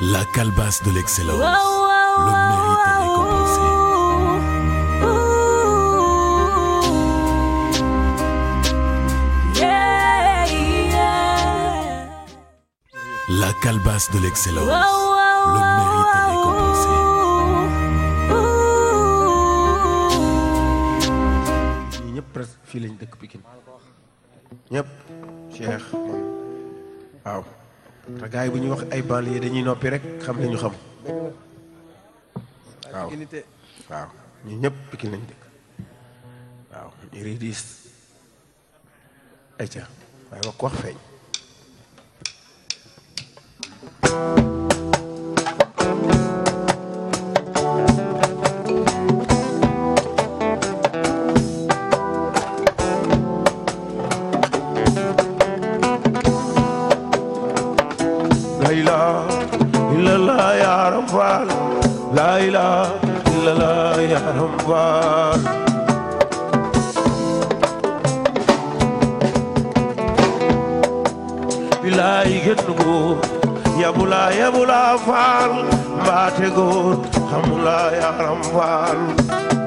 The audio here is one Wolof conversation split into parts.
La calebasse de l'excellence. Le mérite est récompensé. La ñëpp presque fii lañ dëkk te yi bu ñuy wax ay banlieue dañuy noppi rek xam nañu xam. waaw ñu ñëpp Pikine lañ dëkk waaw ñu riidis ay ca waaye wax ko wax feeñ akbar bilaay gën góor yabula yabula faal mbaate góor xamula yaram faal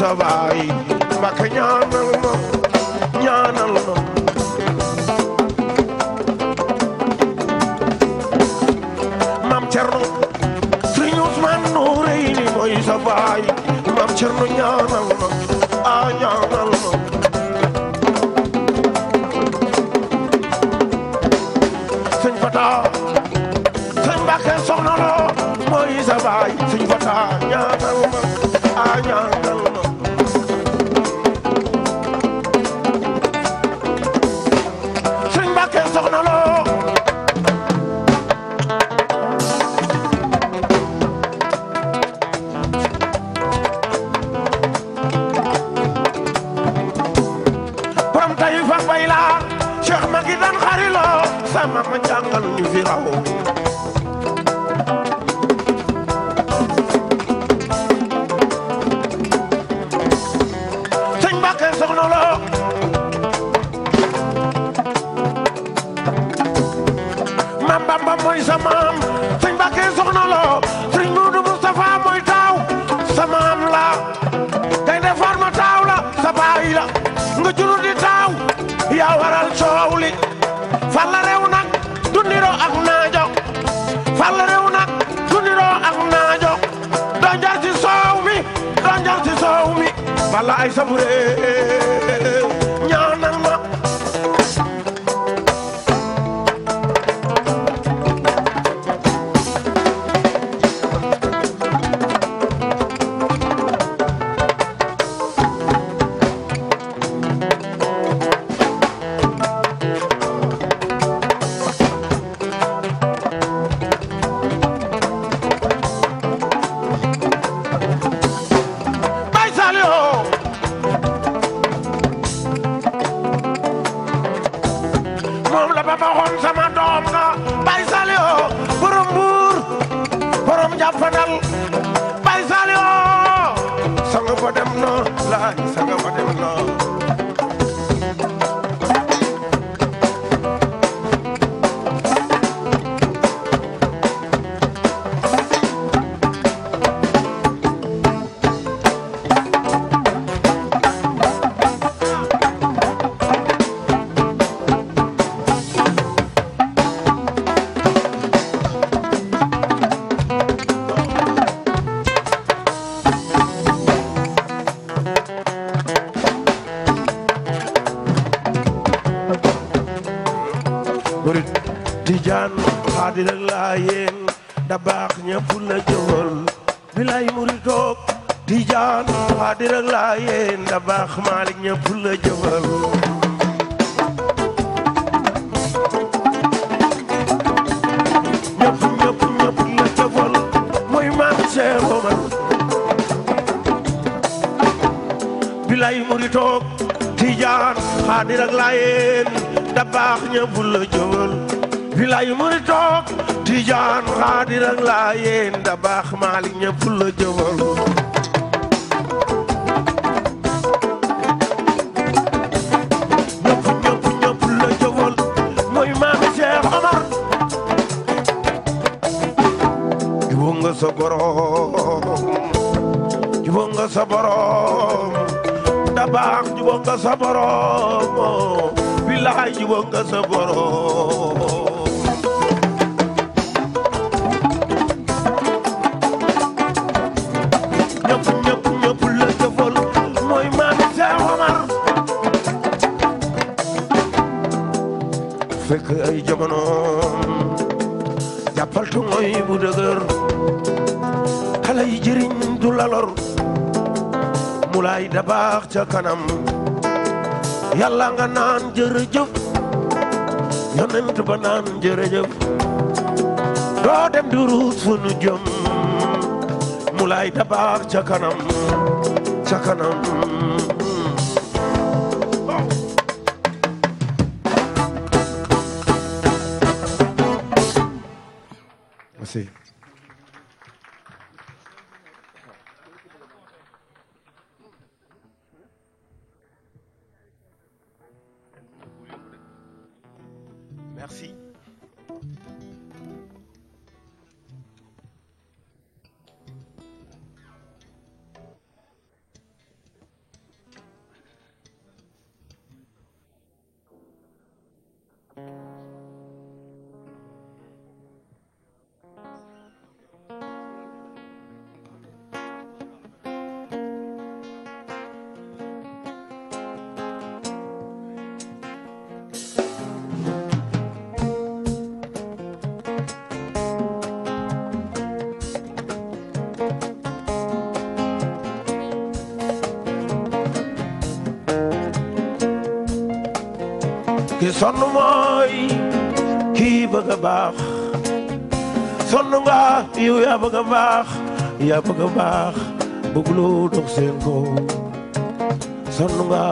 sa waay Mbacké ñaan nga sa borom billaay jubóo nga sa borom fekk ay jamono jàppal tu mooy bu dëgër xale yi jëriñ du la mu lay dabaax ca kanam yàlla nga naan jërëjëf yonent ba naan jërëjëf doo dem di ruut fu nu jëm mu lay dabaar ca kanam ca kanam merci ki sonn mooy kii bëgg a baax sonn nga yow yaa bëgg a baax yaa bëgg a baax bëggloo dox seen ko sonn nga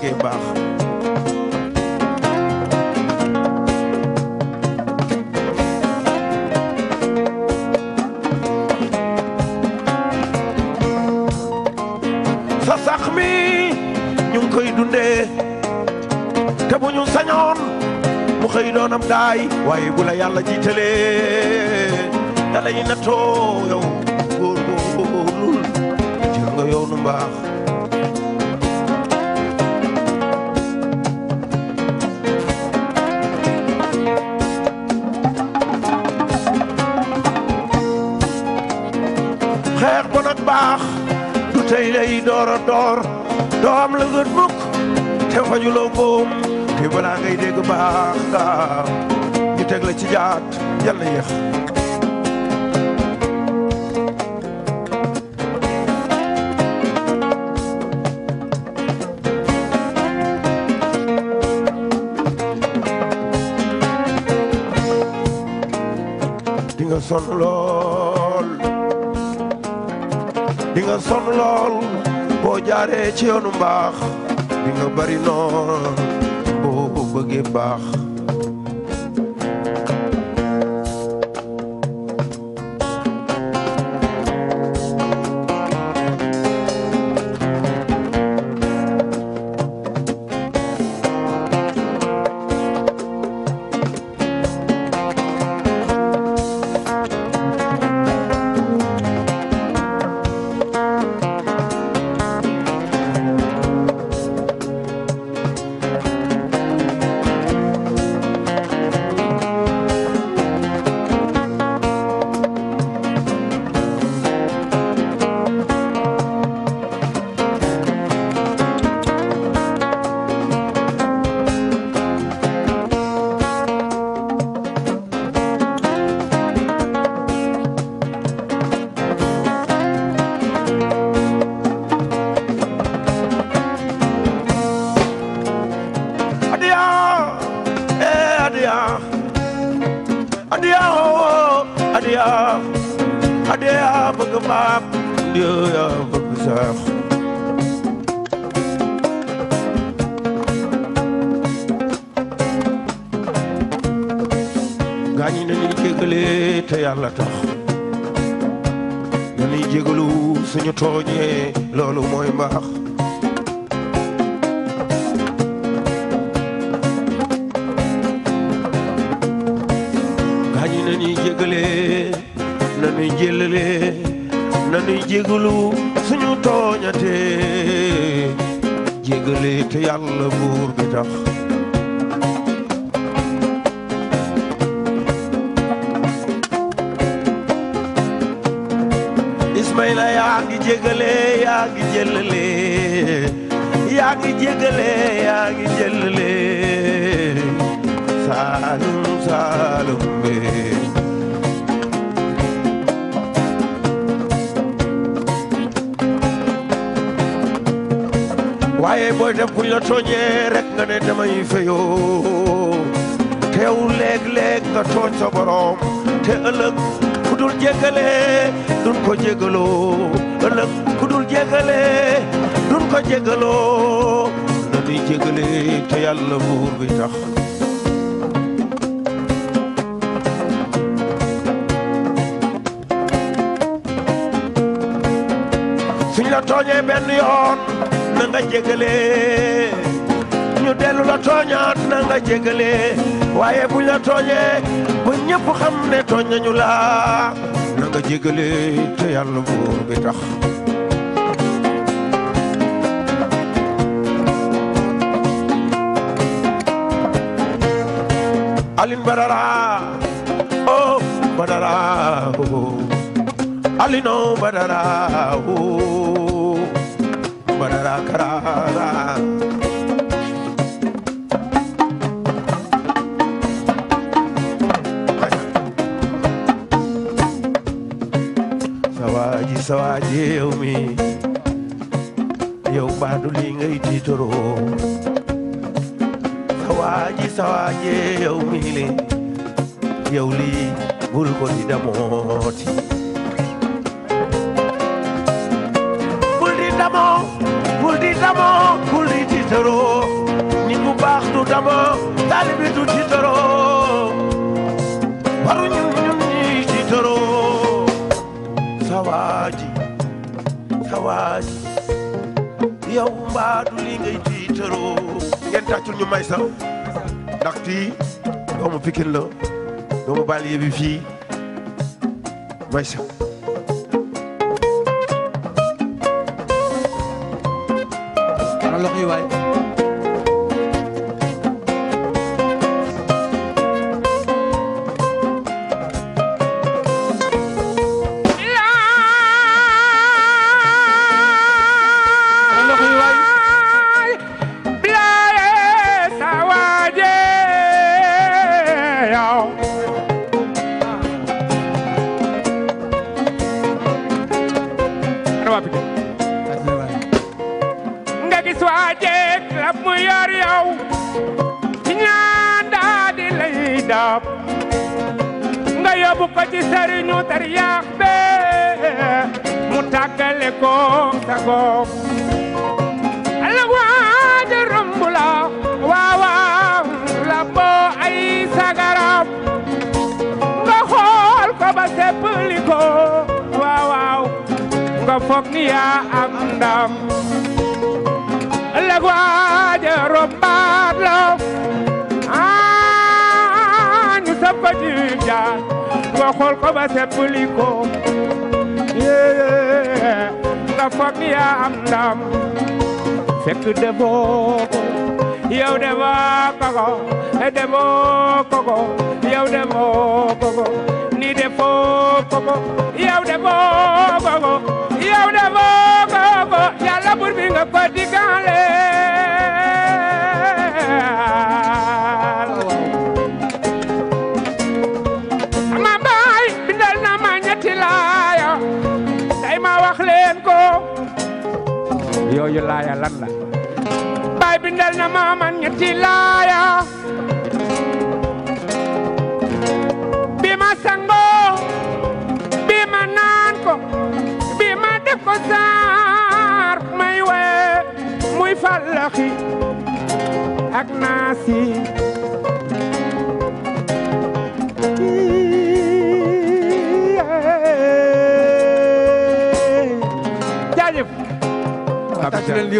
bëggee baax sa sax mi ñu ngi koy dundee te bu ñu sañoon mu xëy doonam daay waaye bu la yàlla jiitalee dalay nattoo yow góor góor góor lul jël nga yoonu mbaax baax du tey lay door a door doo am la gën mukk te fajuloo boom te balaa ngay dégg baax nga ñu teg la ci jaat yàlla yéex nga sonn lool boo jaaree ci yoonu mbaax di nga bari noon boo baax jégaloo dañuy jégale te yàlla buur bi tax benn yoon na nga ñu dellu la tooñaat waaye buñ ba ñëpp xam ne tooñ nañu la na buur bi Alioune Badara oh Badara oh Alioune Badara oh Badara Karara. sawaa ji yow mi yow baadu li ngay tiitoroo sawaaji sawaaji yow miile yow bul ko damooti bul di damoo bul di damoo bul di tiitaroo nit mu baax du damoo taalibi du tiitaroo waruñu sawaaji sawaaji yow mbaa li ngay tiitaroo ngeen tàccul ñu may Sidi doomu Pikine la doomu banlieue bi fii macha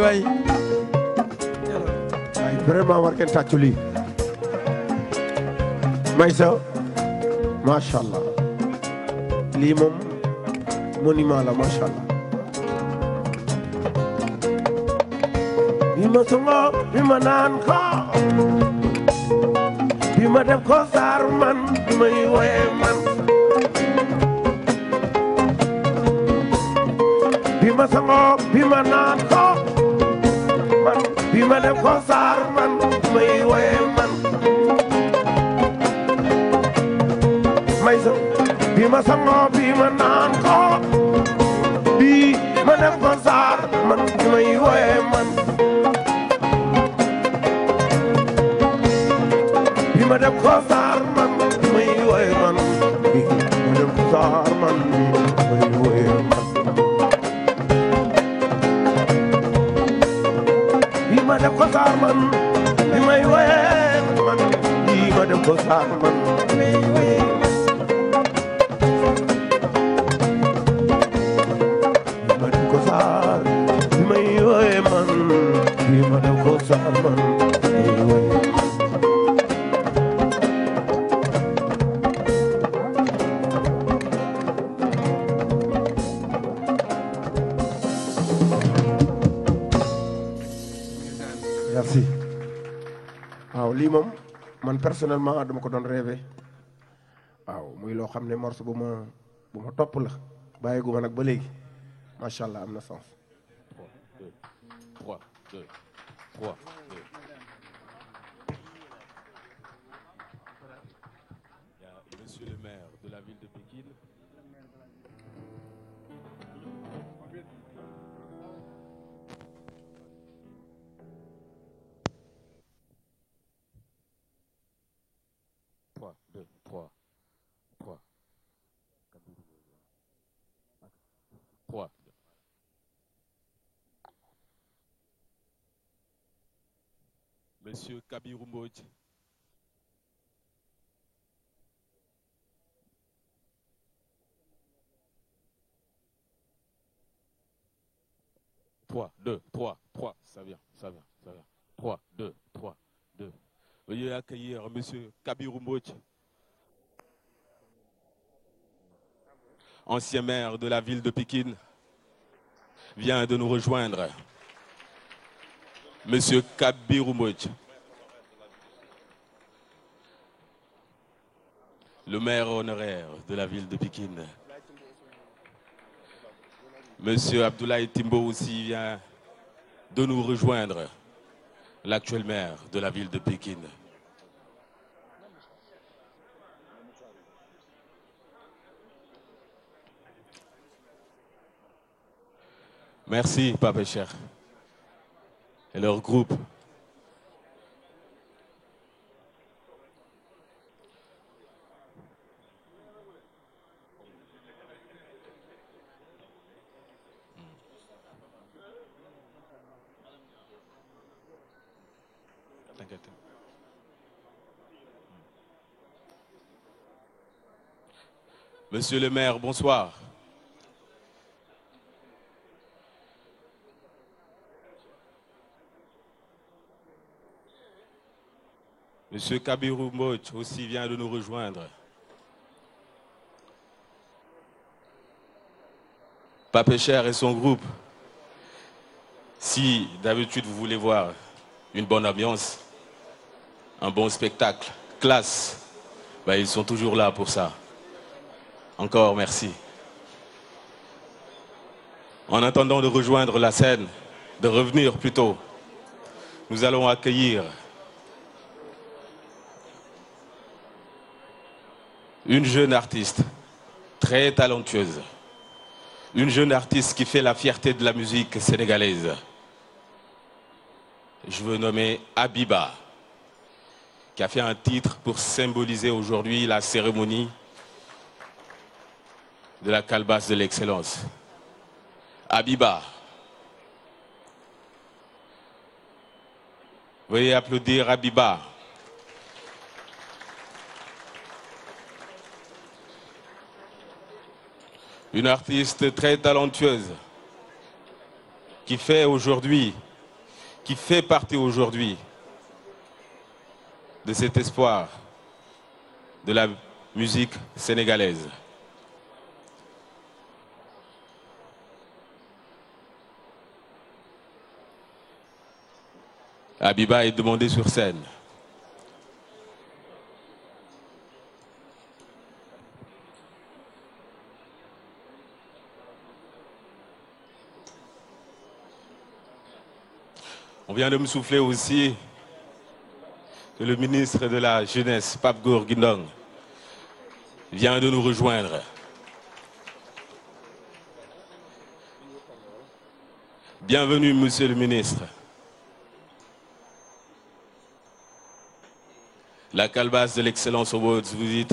waay waay vraiment war tàccu lii Maysa macha lii moom monument la macha bi ma songo bi ma naan ko bi ma def ko saar man bi may woye man bi ma songo bi ma naan ko bi ma def ko saar man may woye man may sa bi ma sangoo bi ma naan ko bi ma def ko dem ko saar man li may woyee man man lii ma dem ko saar man waaw lii moom man personnellement dama ko doon rêvé waaw muy loo xam ne morceau bu ma bu ma topp la bàyyi gu ma nag ba léegi macha allah am na sens. Monsieur Kabirou Mbodj trois deux trois trois ça vient ça vient ça vient ancien maire de la ville de Pikine vient de nous rejoindre Monsieur Kabirou le maire honoraire de la ville de Pikine. Monsieur Abdoulaye Timbo aussi vient de nous rejoindre, l'actuel maire de la ville de Pikine. Merci, Pape Cheikh. Et leur groupe Monsieur le maire, bonsoir. Monsieur Kabirou aussi vient de nous rejoindre. Pape et son groupe. Si d'habitude vous voulez voir une bonne ambiance, un bon spectacle, classe, ils sont toujours là pour ça. Encore merci. En attendant de rejoindre la scène, de revenir plutôt, nous allons accueillir une jeune artiste très talentueuse, une jeune artiste qui fait la fierté de la musique sénégalaise. Je veux nommer Abiba, qui a fait un titre pour symboliser aujourd'hui la cérémonie de la calebasse de l'excellence. Abiba. Veuillez applaudir Abiba. Une artiste très talentueuse qui fait aujourd'hui, qui fait partie aujourd'hui de cet espoir de la musique sénégalaise. Abiba est demandée sur scène. On vient de me souffler aussi que le ministre de la Jeunesse, Pape Gor Guindong, vient de nous rejoindre. Bienvenue, monsieur le ministre. La calebasse de l'excellence au vous dit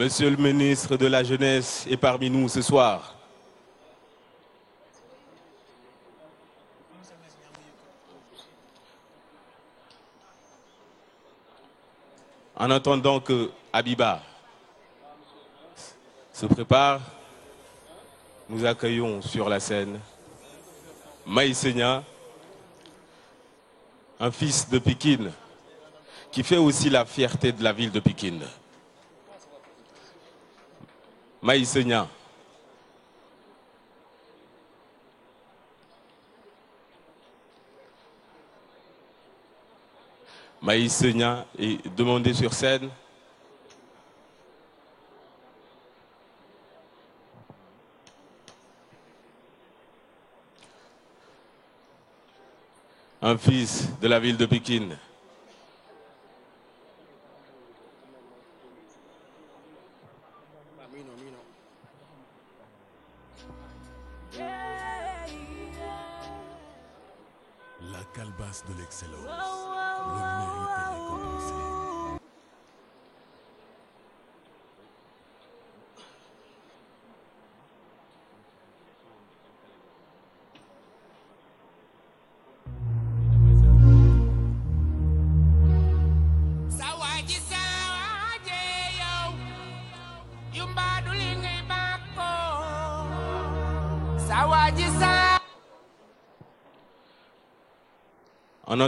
Monsieur le ministre de la Jeunesse est parmi nous ce soir. En attendant que Abiba se prépare, nous accueillons sur la scène Maïsenia, un fils de Pikine, qui fait aussi la fierté de la ville de Pikine. Maïssa Niang Maïssa Niang est demandé sur scène un fils de la ville de Pikine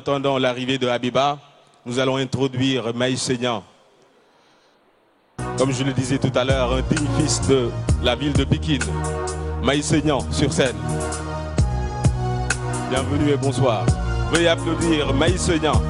attendant l'arrivée de Habiba, nous allons introduire Maïs Comme je le disais tout à l'heure, un digne de la ville de Pikine, Maïs sur scène. Bienvenue et bonsoir. Veuillez applaudir Maïs Seignan.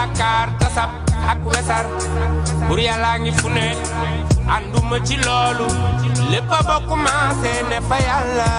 yaakaar tasab ak wesar bur ngi fu ne ànduma ci loolu lépp a bokk maase ne fa yàlla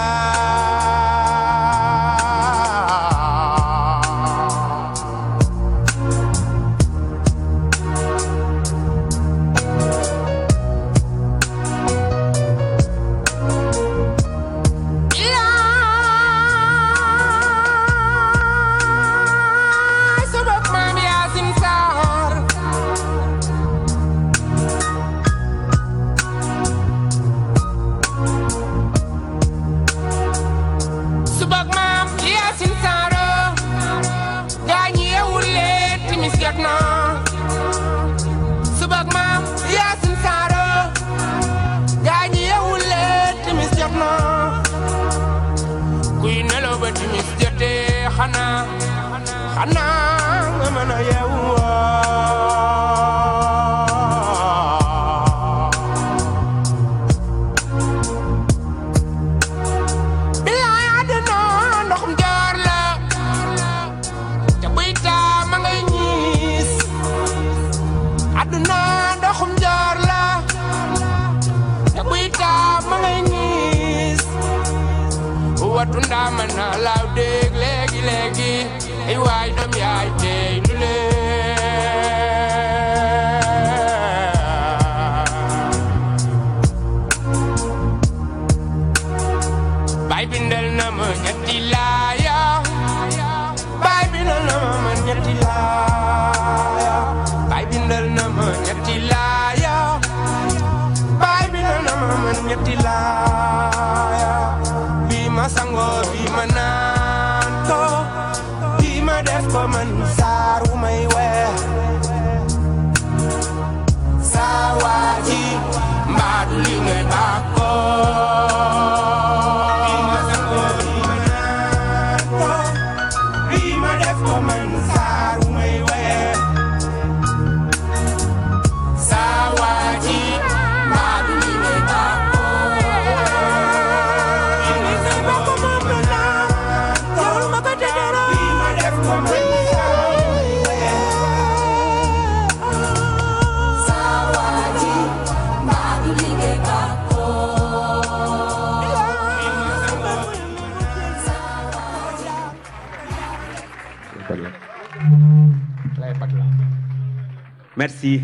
merci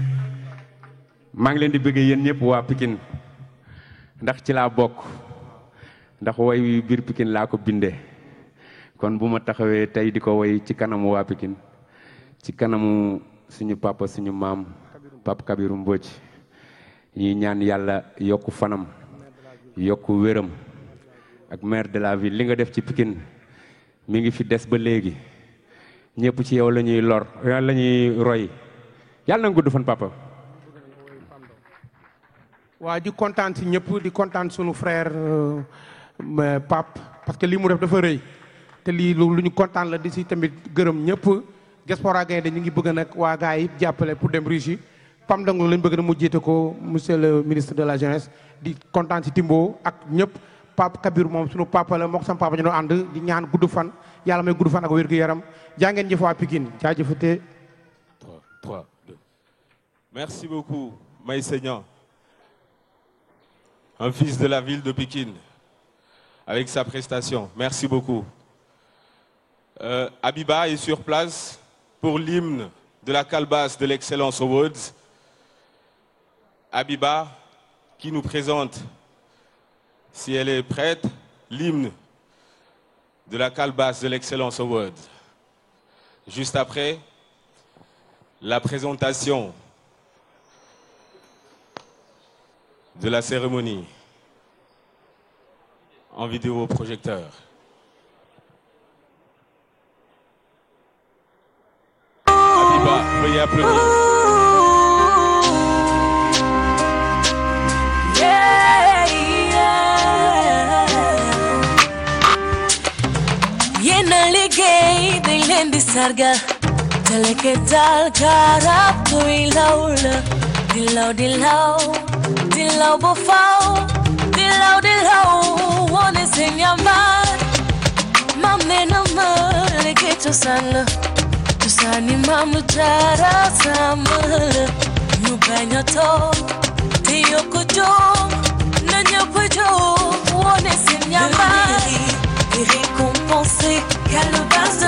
maa ngi leen di bëggee yéen ñëpp waa Pikine ndax ci laa bokk ndax woy wi biir Pikine laa ko bindee kon bu ma taxawee tey di ko woy ci kanamu waa Pikine ci kanamu suñu papa suñu maam papa Kabiru Mbodj ñuy ñaan yàlla yokk fanam yokk wéram ak maire de la ville li nga def ci pikin mi ngi fi des ba léegi ñëpp ci yow lañuy lor la roy yàlla na nga gudd fan papa. waa di kontaan si ñëpp di kontaan sunu frère euh, euh, Pape parce que lii mu def dafa rëy te lii lu ñu kontaan la di si tamit gërëm ñëpp diaspora Gaye dañu ngi bëgg nag waa gars yi jàppale pour dem Russie Pam Ndong lañ bëgg na mu jiite ko monsieur le ministre de la jeunesse di kontaan si Timbo ak ñëpp pap Kabir moom sunu papa la mook sama papa ñu doon ànd di ñaan gudd fan yàlla may gudd fan ak wér gu yaram jaa ngeen jëf waa Pikine jaa Merci beaucoup, Maïseigneur. Un fils de la ville de Pékin, avec sa prestation. Merci beaucoup. Euh, Abiba est sur place pour l'hymne de la calebasse de l'Excellence Awards. Abiba qui nous présente, si elle est prête, l'hymne de la calebasse de l'Excellence Awards. Juste après, la présentation de la cérémonie en vidéoprojecteur. Abiba, veuillez applaudir. di sargal Teleke tal garap Dilaw, dilaw di law ba faw di law di law wone seen yambaar maam nee na ma léegi cosaan la cosaani maam lu jaara sama la ñu bañ a toog te yokk jóg na ñëpp jóg wone seen yambaar di récompenser yàlla bas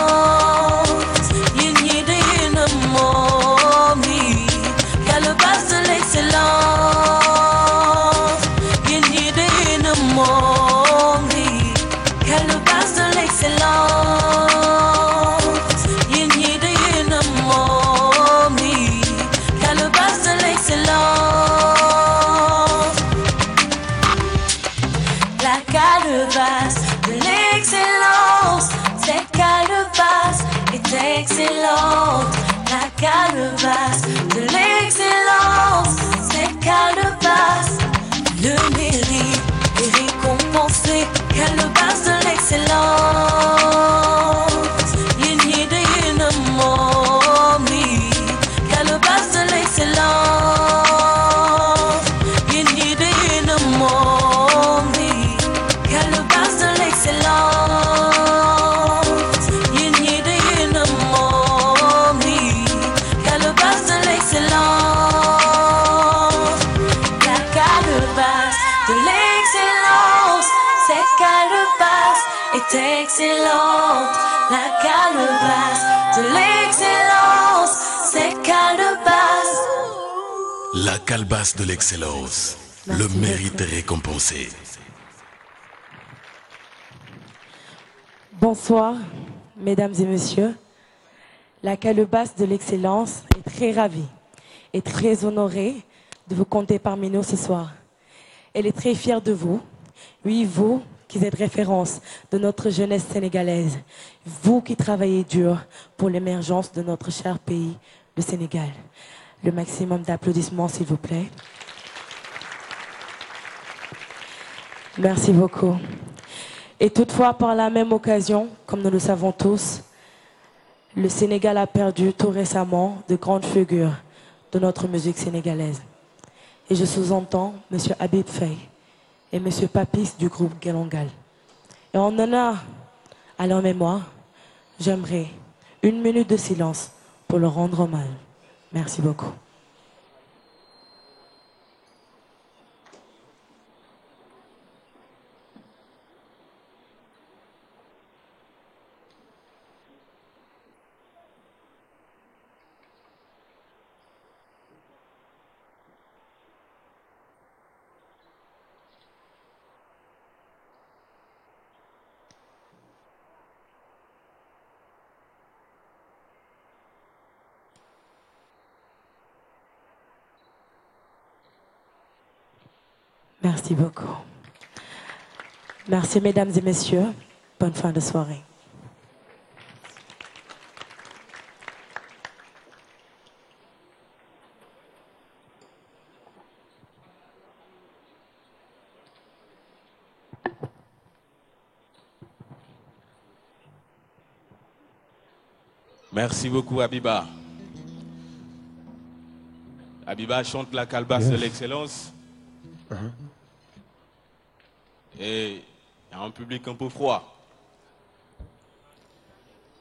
calebasse de l'excellence, le mérite récompensé. Bonsoir, mesdames et messieurs. La calebasse de l'excellence est très ravie et très honorée de vous compter parmi nous ce soir. Elle est très fière de vous. Oui, vous qui êtes référence de notre jeunesse sénégalaise. Vous qui travaillez dur pour l'émergence de notre cher pays, le Sénégal. Le maximum Merci beaucoup. Et toutefois, par la même occasion, comme nous le savons tous, le Sénégal a perdu tout récemment de grandes figures de notre musique sénégalaise. Et je sous-entends M. Habib Faye et M. Papis du groupe Galangal. Et en honneur à leur mémoire, j'aimerais une minute de silence pour leur rendre hommage. Merci beaucoup. Merci beaucoup. Merci, mesdames et messieurs. Bonne fin de soirée. Merci beaucoup, Abiba. Abiba chante la calebasse yes. de l'excellence. Uh -huh. Et il y a un public un peu froid.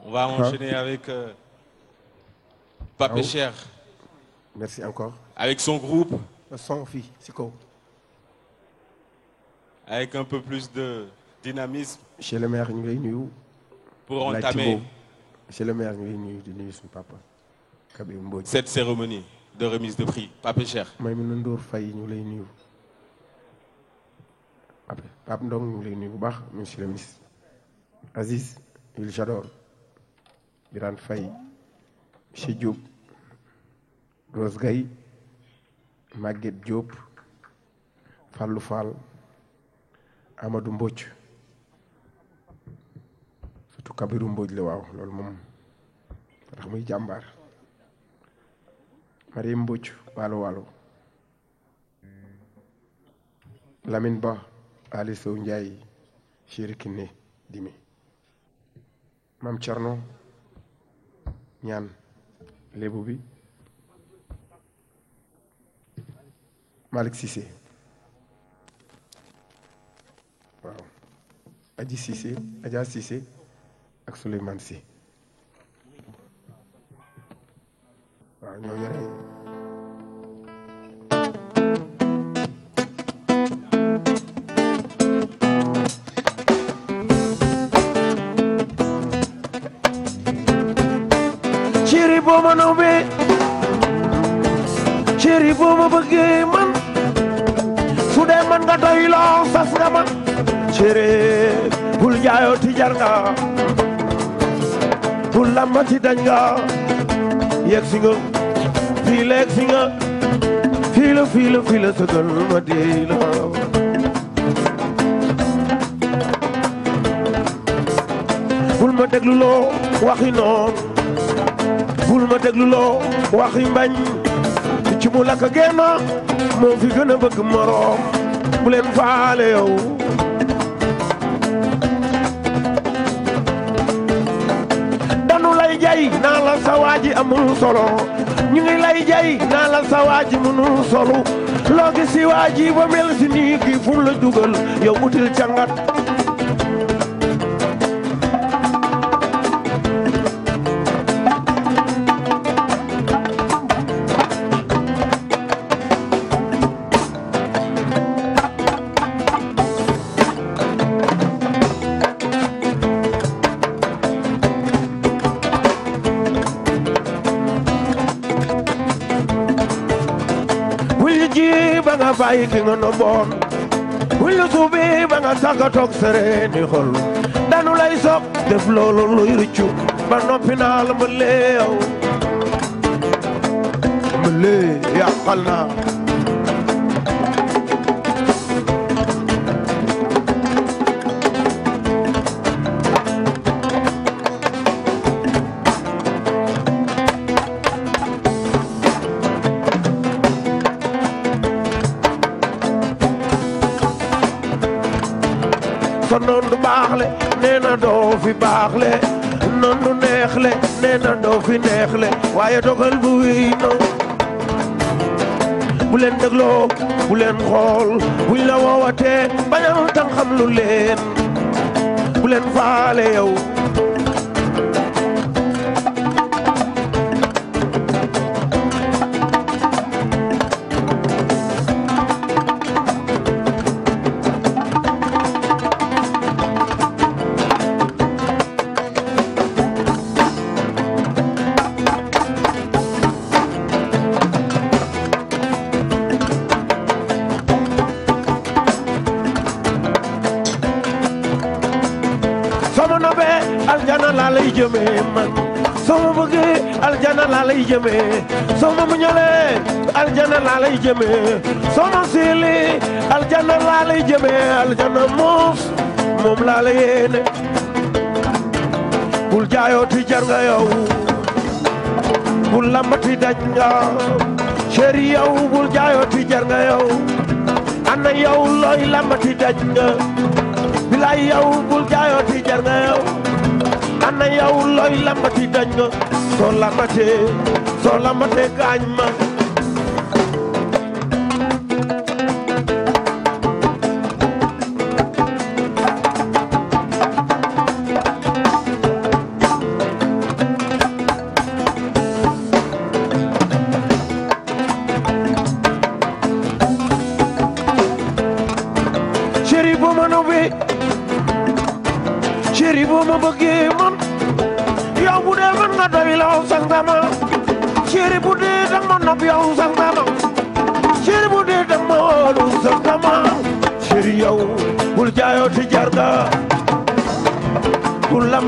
On va ah. enchaîner avec euh, Pape ah Cher. Merci encore. Avec son groupe. Sans fille, c'est cool. Avec un peu plus de dynamisme. Chez le maire, nous nous. Pour entamer. Chez le maire, nous nous nous son papa. Cette cérémonie de remise de prix, Pape Cher. Nous nous nous après Ndong ñu ngi bu baax monsieur le ministre Aziz Wil Jador Birane Faye Cheikh jóob Rose Gaye Maguette Diop Fallou Fall Amadou Mbodj surtout Kabirou Mbodj la waaw loolu moom ndax muy jàmbaar Mariam Mbodj waalo waalo Lamine Ba Aly Sow Ndiaye Chéri Kiné Dimi maam Thierno ñaan lébu bi Malick Cissé waaw Adji Cissé Adja ak Souleymane Sy waaw ñoo jar nga fu lambati dañ nga yegg si nga fii la yegg si nga fii la fii la fii la sëgal ma dee la bul ma déglu loo waxi noon bul ma déglu loo waxi mbañ ci mu lakk génn moo fi gën a bëgg moroom bu leen faale sa waaji amul solo ñu ngi lay jay naa la sa waaji mënul solo loo gis si waaji ba mel si nii kii fu la dugal yow util cangat wullu ji ba nga bàyyi ki nga noboon wullu suubi ba nga sàkka toog sereeni xol danu lay sopp def loolu luy ruccu ba noppi naa la ma leew ma lee fi baax le non du neex le nee na doo neex le waaye dogal bu wii no bu leen dégloo bu leen xool buñ la woowatee bañal tan xam lu leen bu leen faale lay jëmee soxna mu ñolee aljana laa lay siili aljana laa lay jëmee muus moom laa la yéene bul jaayooti jar nga yow bul lambati daj lambati daj nga bilaay yow bul jaayooti yow looy lambati dañ nga soo lambatee soo lambatee gaañ ma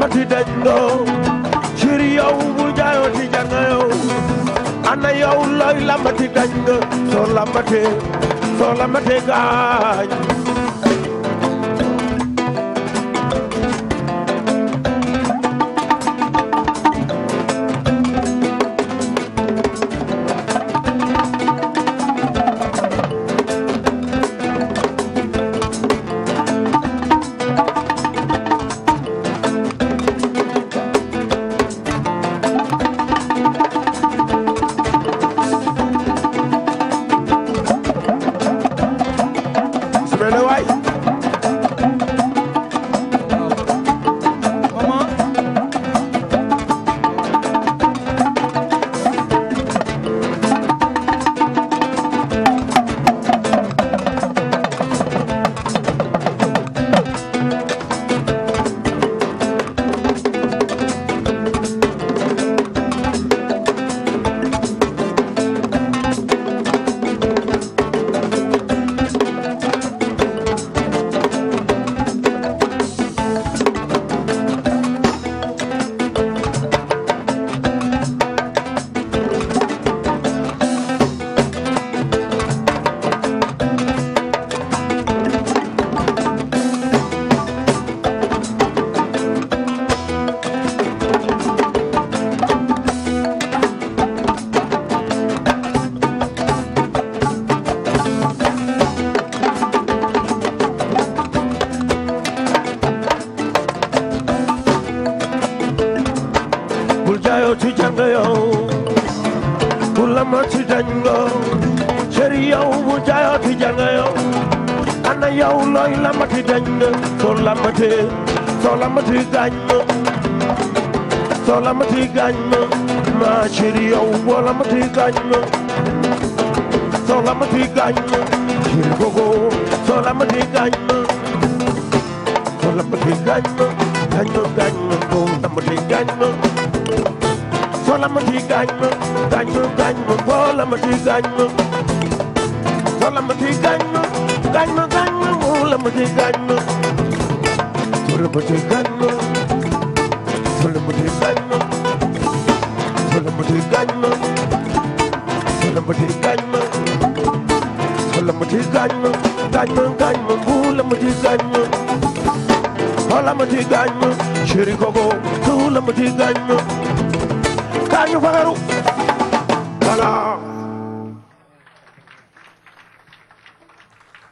amati dañ doo ciri yow bu jaayooti janga yow ana yow looy lambati nga soo lambatee soo lambatee gaañ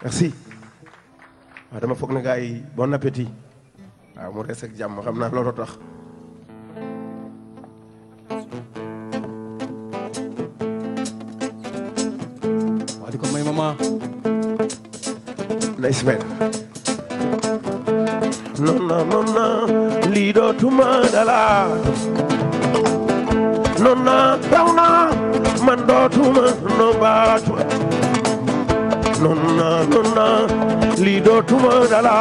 merci waaw dama foog ne gars bon appétit waaw mu rees jàmm xam naa loolu tax waa di ko may mama na Ismaël non non non non lii dootuma dala non non na man dootuma no nonna nonna lii dootuma dala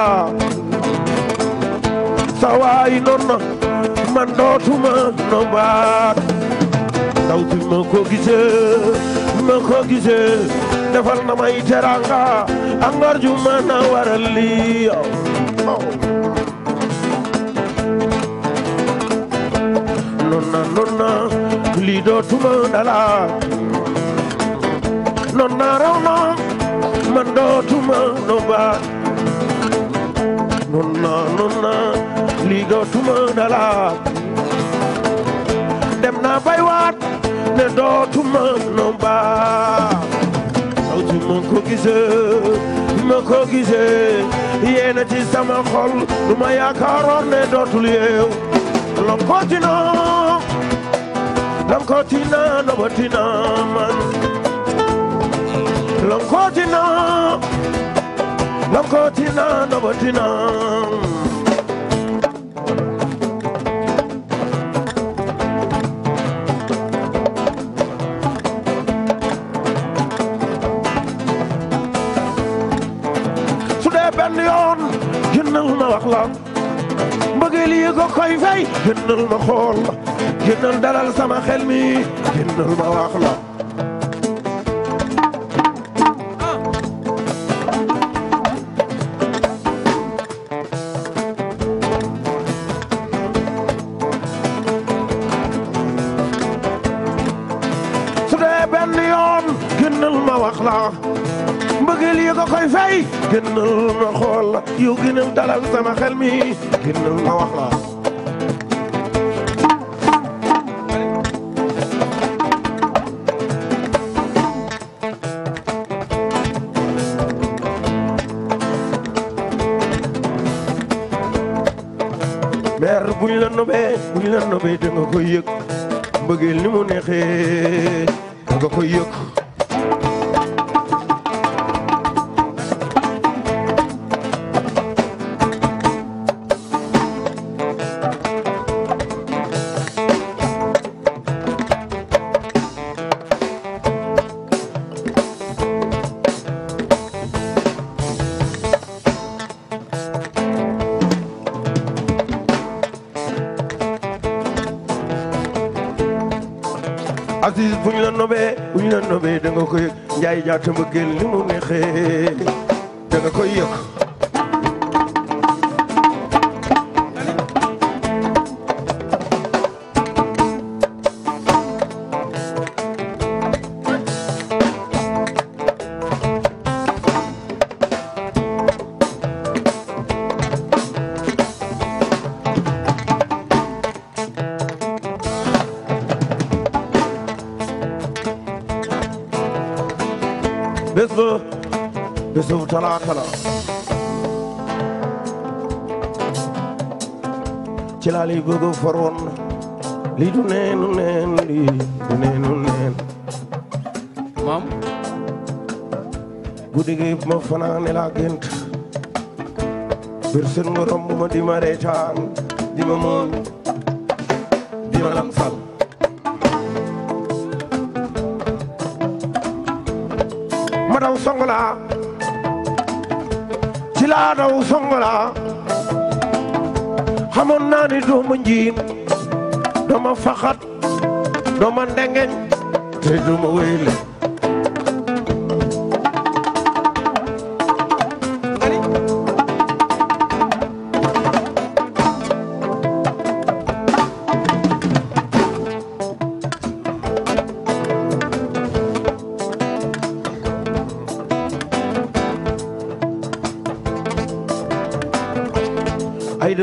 sawaay nonna man dootuma nombaat ndaw si ma ko gisee ma ko gisee defal na may teranga ak ngor ju a waral lii nonna nonna lii dootuma dala nonna raw na man dootuma nomba nonna nonna lii dootuma dalaat dem naa bay waat ne dootuma nomba sawtu ma ko gisee ma ko gisee yéena ci sama xol lu ma yaakaaroon ne dootul yeew lonkotina lonkotina nobatina man lonkotina lonkotina nobotina su dee benn yoon gënal ma wax la mbëggeel yi ko koy fay gënal ma xool gënal dalal sama xel mi gënal ma wax la gënal ma xool la yow gënal dalal sama xel mi gënal ma wax la mer buñ la nobee buñ la nobee da nga koy yëg mbëggeel ni mu neexee da nga koy yëg bu ñu la nobee da nga ko yëg njaay jaata mbëggeel li mu neexee da nga koy yëg bésu bésu talaata la ci laa lay bëgg faroon lii du neenu neen lii du neenu neen maam guddi gi ma fanaane laa gént bir seen ngorom ma di ma reetaan di ma moon yaa daw songola xamoon naa ni dooma njiim dooma faxat dooma ndengeñ te dooma wéyle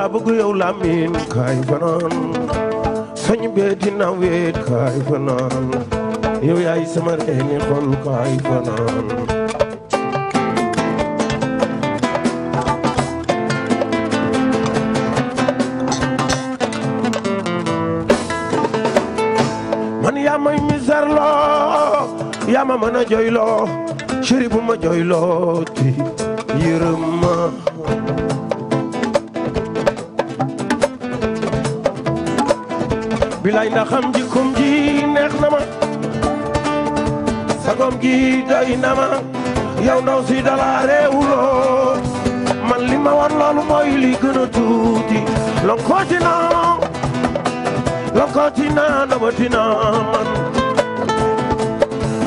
laa bëgg yow Lamine kaay fanaan soñ bee dina weet kaay fanaan yow yaay sama reeni xol kaay fanaan man yaa may misar loo yaa ma mën a jooyloo chéri bu ma jooyloo ti yërëm ma bilay ndax xam jikkoom ji neex na ma sagoom gi doy na ma yow ndaw si dala réewuloo man li ma war loolu mooy li gën a tuuti lonkooti naa lonkooti naa nabati naa man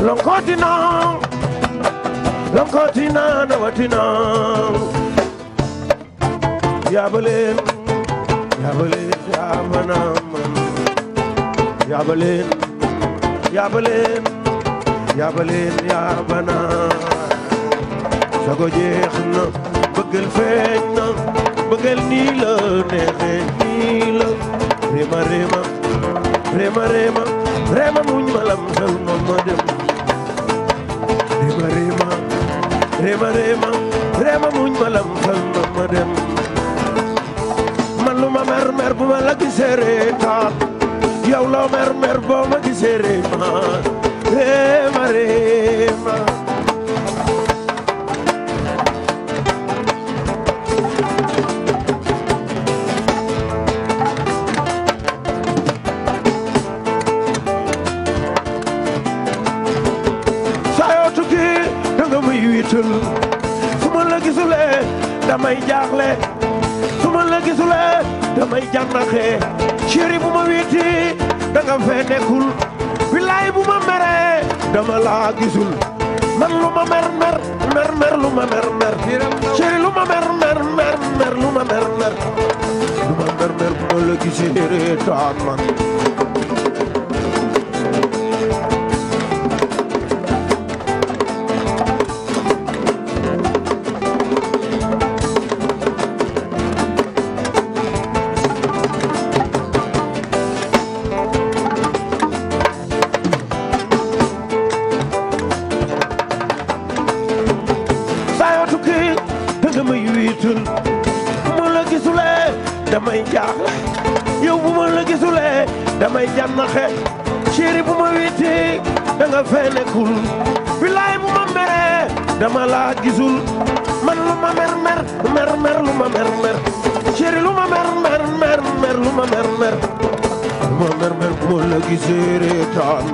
lonkooti naa lonkooti naa nabati naa yaa ba leen yaa ba leen yaa ma naa yaaba leen yaaba leen yaaba leen yaaba naa sago jeex na feeñ na bëggal nii la neexee nii la réema réema réema réema réema muñ ma ma ma dem réema réema réema réema réema muñ ma ma ma dem man mer mer bu ma la gisee yow loo mer mer boo ma gisee réema réema réema damay jànnaxee chéri bu ma wéetee da nga fee nekkul billaay bu ma meree dama laa gisul man lu ma mer mer mer mer lu ma mer mer chéri lu ma mer mer lu ma mer mer lu ma mer mer bu ma la gisee man la laa gisul man lu ma mer mer mer mer lu ma mer mer lu ma mer mer lu ma mer mer lu ma mer mer moo la gisee reetaan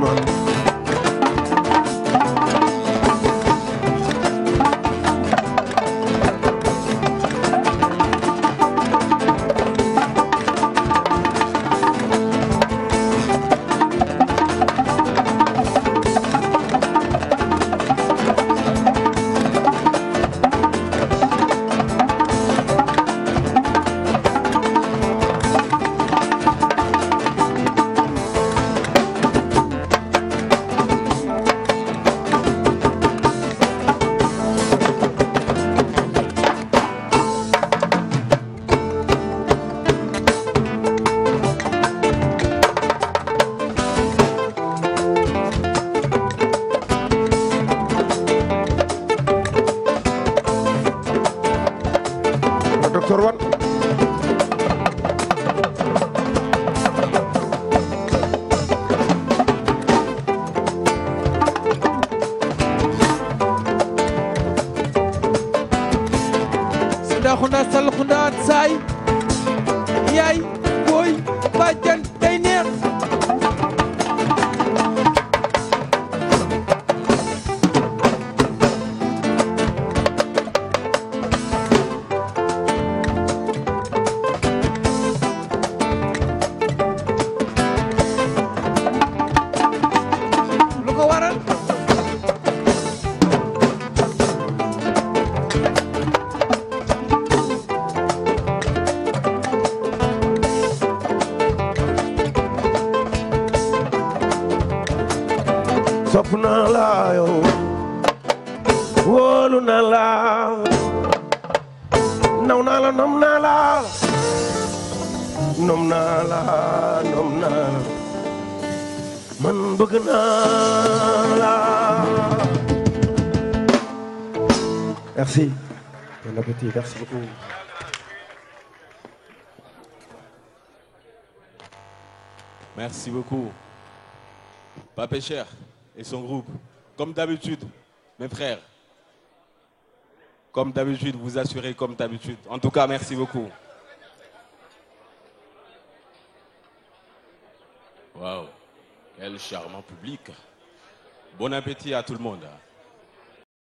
Merci, merci beaucoup. Merci beaucoup. Papé Cher et son groupe, comme d'habitude, mes frères, comme d'habitude, vous assurez comme d'habitude. En tout cas, merci beaucoup. quel charmant public. Bon appétit à tout le monde.